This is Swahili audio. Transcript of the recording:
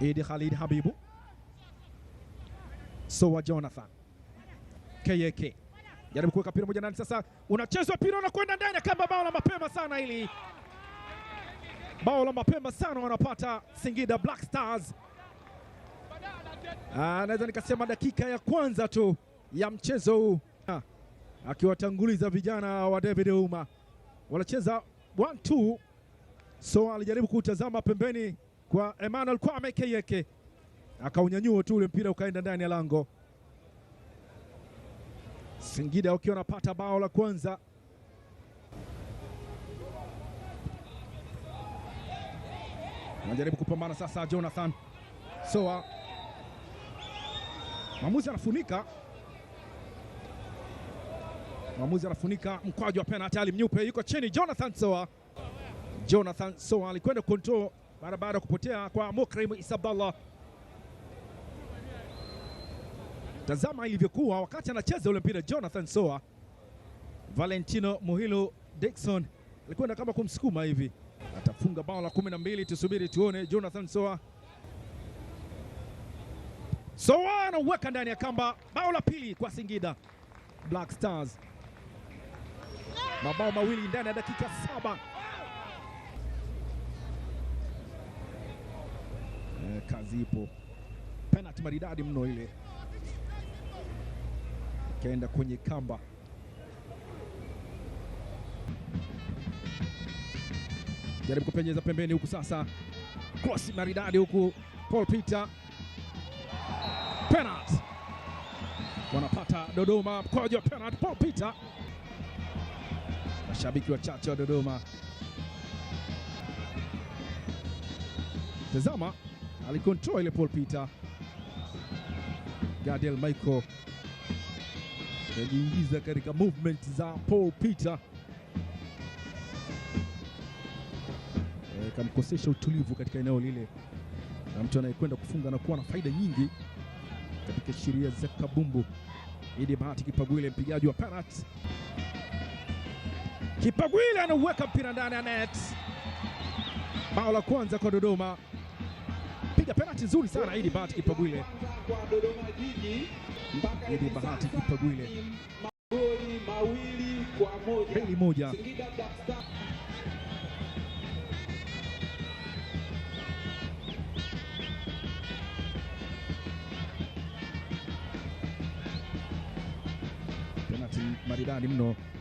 Idi Khalid Habibu, sowa Jonathan, KK jaribu kuweka pira moja ndani, sasa unachezwa pira unakwenda ndani, kama bao la mapema sana hili, bao la mapema sana wanapata Singida Black Stars. Ah, naweza nikasema dakika ya kwanza tu ya mchezo huu akiwatanguliza vijana wa David Ouma wanacheza 1-2. So alijaribu kutazama pembeni kwa Emmanuel Kwame Keyeke, akaunyanyua tu ule mpira ukaenda ndani ya lango. Singida wakiwa wanapata bao la kwanza. Anajaribu kupambana sasa Jonathan Soa, mwamuzi anafunika mwamuzi anafunika mkwaju wa penalti. Ali Mnyupe yuko chini. Jonathan Soa, Jonathan Soa alikwenda control mara baada ya kupotea kwa Mukrim Isabdallah. Tazama ilivyokuwa wakati anacheza ule mpira, Jonathan Soa, Valentino Muhilo Dickson alikwenda kama kumsukuma hivi, atafunga bao la kumi na mbili. Tusubiri tuone. Jonathan Soa, Soa anaweka ndani ya kamba, bao la pili kwa Singida Black Stars, mabao mawili ndani ya dakika saba. zipo. Penalti maridadi mno ile, kaenda kwenye kamba. Jaribu kupenyeza pembeni huku sasa, kosi maridadi huku, Paul Peter penalti wanapata Dodoma mkojo wa penalti. Paul Peter, mashabiki wachache wa Dodoma, tazama alikontrol ile Paul Peter. Gadiel Michael anajiingiza katika movement za Paul Peter, e, kamkosesha utulivu katika eneo lile, na mtu anayekwenda kufunga na kuwa na faida nyingi katika sheria za kabumbu. Idi Bahati Kipagwile, mpigaji wa penalty. Kipagwile anauweka mpira ndani ya net, bao la kwanza kwa Dodoma kupiga penalti nzuri sana ili Bahati Kipagwile, ili Bahati Kipagwile magoli mawili kwa moja, mbili moja. Penalti maridadi mno.